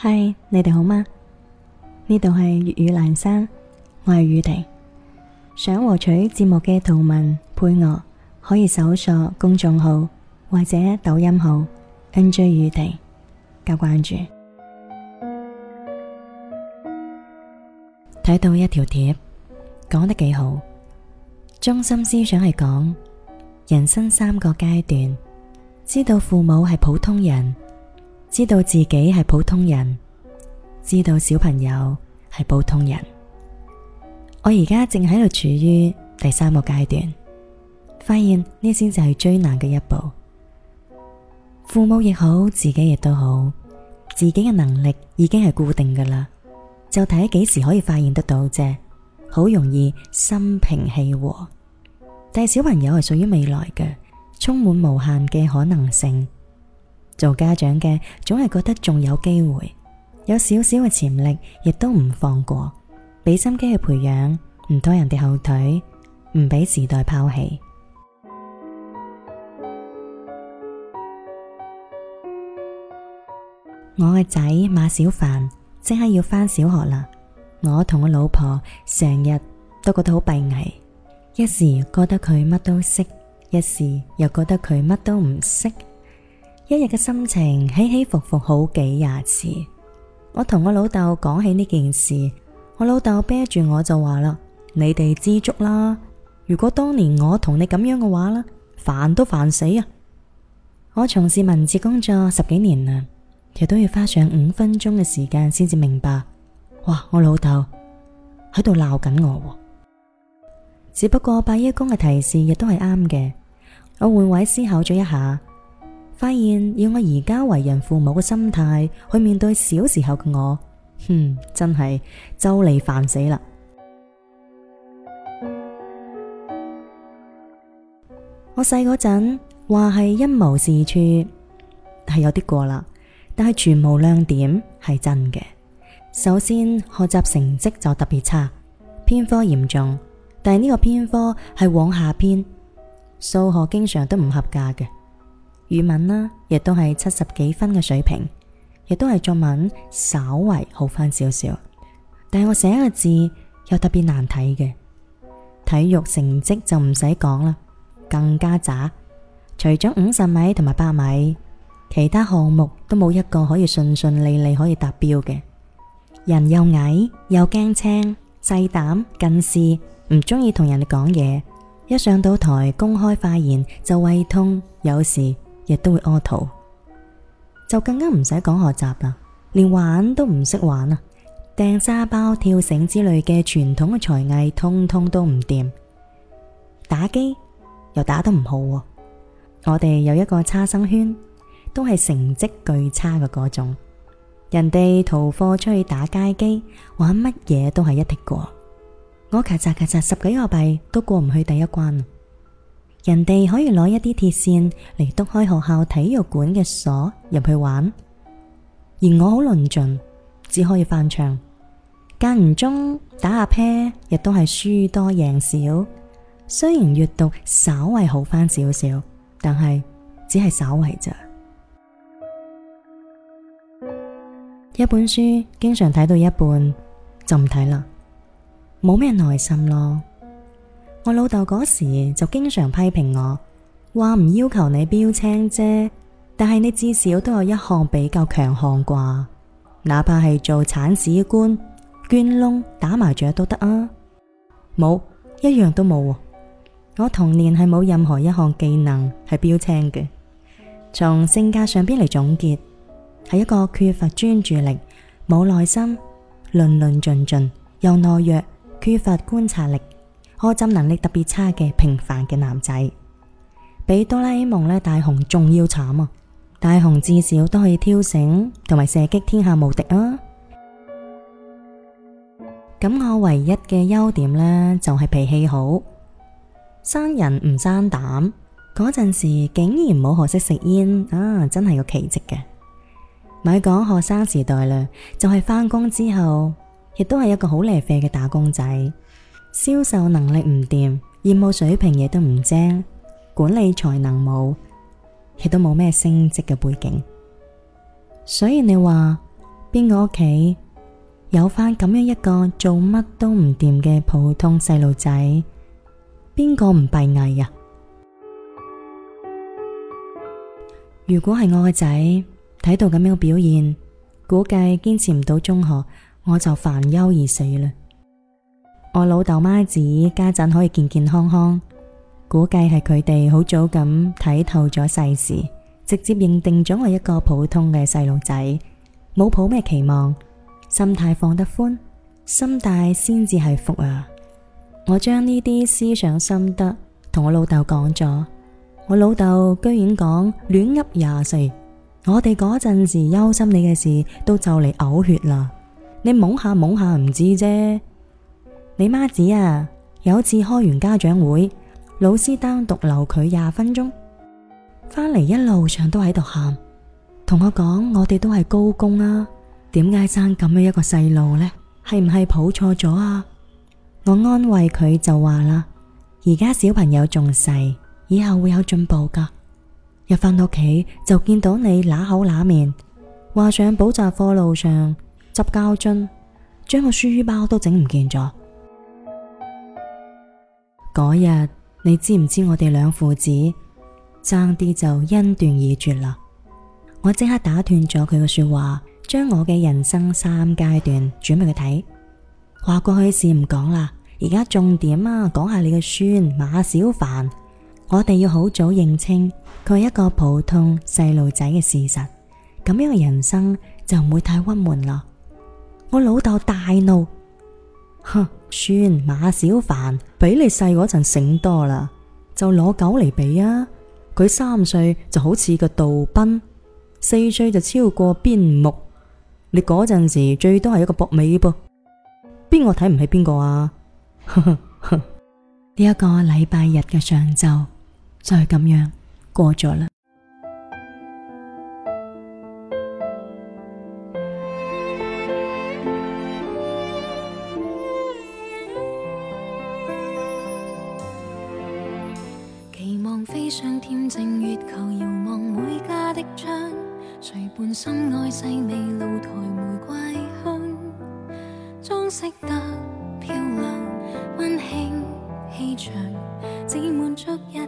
嗨，Hi, 你哋好嗎？呢度係粵語蘭山，我係宇婷。想獲取節目嘅圖文配樂，可以搜索公眾號或者抖音號 NJ 宇婷加關注。睇到一條帖，講得幾好。中心思想係講人生三個階段，知道父母係普通人。知道自己係普通人，知道小朋友係普通人，我而家正喺度處於第三個階段，發現呢先至係最難嘅一步。父母亦好，自己亦都好，自己嘅能力已經係固定噶啦，就睇幾時可以發現得到啫。好容易心平氣和，但係小朋友係屬於未來嘅，充滿無限嘅可能性。做家長嘅總係覺得仲有機會，有少少嘅潛力，亦都唔放過，俾心機去培養，唔拖人哋後腿，唔俾時代拋棄。 我嘅仔馬小煩即刻要返小學啦，我同我老婆成日都覺得好閉翳，一時覺得佢乜都識，一時又覺得佢乜都唔識。一日嘅心情起起伏伏好幾廿次，我同我老豆講起呢件事，我老豆啤住我就話啦：你哋知足啦。如果當年我同你咁樣嘅話啦，煩都煩死啊！我從事文字工作十幾年啦，亦都要花上五分鐘嘅時間先至明白。哇！我老豆喺度鬧緊我，只不過伯爺公嘅提示亦都係啱嘅。我換位思考咗一下。發現以我而家為人父母嘅心態去面對小時候嘅我，哼，真係就嚟煩死啦！我細嗰陣話係一無是處，係有啲過啦，但係全無亮點係真嘅。首先學習成績就特別差，偏科嚴重，但係呢個偏科係往下偏，數學經常都唔合格嘅。語文啦，亦都係七十幾分嘅水平，亦都係作文稍為好翻少少，但係我寫嘅字又特別難睇嘅。體育成績就唔使講啦，更加渣。除咗五十米同埋百米，其他項目都冇一個可以順順利利可以達標嘅。人又矮又驚青，細膽近視，唔中意同人哋講嘢，一上到台公開發言就胃痛，有時。亦都會屙肚，就更加唔使講學習啦，連玩都唔識玩啊！掟沙包、跳繩之類嘅傳統嘅才藝，通通都唔掂，打機又打得唔好啊。我哋有一個差生圈，都係成績巨差嘅嗰種。人哋逃課出去打街機，玩乜嘢都係一滴過。我咔嚓咔嚓十幾個幣都過唔去第一關。人哋可以攞一啲鐵線嚟督開學校體育館嘅鎖入去玩，而我好論盡，只可以翻牆。間唔中打下啤，亦都係輸多贏少。雖然閱讀稍為好翻少少，但係只係稍為咋。一本書經常睇到一半就唔睇啦，冇咩耐心咯。我老豆嗰時就經常批評我，話唔要求你標青啫，但係你至少都有一項比較強項啩，哪怕係做鏟屎官、捐窿、打麻雀都得啊。冇，一樣都冇。我童年係冇任何一項技能係標青嘅。從性格上邊嚟總結，係一個缺乏專注力、冇耐心、論論盡盡又懦弱、缺乏觀察力，開針能力特別差嘅平凡嘅男仔，比哆啦 A 夢呢大雄仲要慘啊！大雄至少都可以挑繩同埋射擊天下無敵啊！咁我唯一嘅優點呢，就係、是、脾氣好，生人唔生膽。嗰陣時竟然冇學識食煙啊！真係個奇蹟嘅。咪係講學生時代啦，就係返工之後，亦都係一個好嚟啡嘅打工仔。銷售能力唔掂，業務水平嘢都唔精，管理才能冇，亦都冇咩升職嘅背景。所以你話邊個屋企有翻咁樣一個做乜都唔掂嘅普通細路仔？邊個唔閉翳啊？如果係我嘅仔睇到咁樣嘅表現，估計堅持唔到中學，我就煩憂而死啦。我老豆媽子家陣可以健健康康，估計係佢哋好早咁睇透咗世事，直接認定咗我一個普通嘅細路仔，冇抱咩期望，心態放得寬，心大先至係福啊！我將呢啲思想心得同我老豆講咗，我老豆居然講，亂噏廿四，我哋嗰陣時憂心你嘅事都就嚟嘔血啦，你懵下懵下唔知啫。你媽子啊，有次開完家長會，老師單獨留佢廿分鐘，翻嚟，一路上都喺度喊，同我講：我哋都係高工啊，點解生咁樣一個細路呢？係唔係抱錯咗啊？我安慰佢就話啦：而家小朋友仲細，以後會有進步噶。入翻屋企就見到你乸口乸面，話上補習課路上執膠樽，將個書包都整唔見咗。嗰日你知唔知我哋兩父子爭啲就恩斷義絕啦？我即刻打斷咗佢嘅說話，將我嘅人生三階段轉俾佢睇。話過去事唔講啦，而家重點啊，講下你嘅孫馬小煩，我哋要好早認清佢係一個普通細路仔嘅事實，咁樣嘅人生就唔會太鬱悶啦。我老豆大怒，呵！算，馬小凡比你細嗰陣醒多啦，就攞狗嚟比啊！佢三歲就好似個杜賓，四歲就超過邊牧。你嗰陣時最多係一個博美噃，邊個睇唔起邊個啊？呢 一個禮拜日嘅上晝就係、是、咁樣過咗啦。想恬靜月球遙望每家的窗，誰伴心愛細味露台玫瑰香，裝飾得漂亮，溫馨氣場，只滿足一。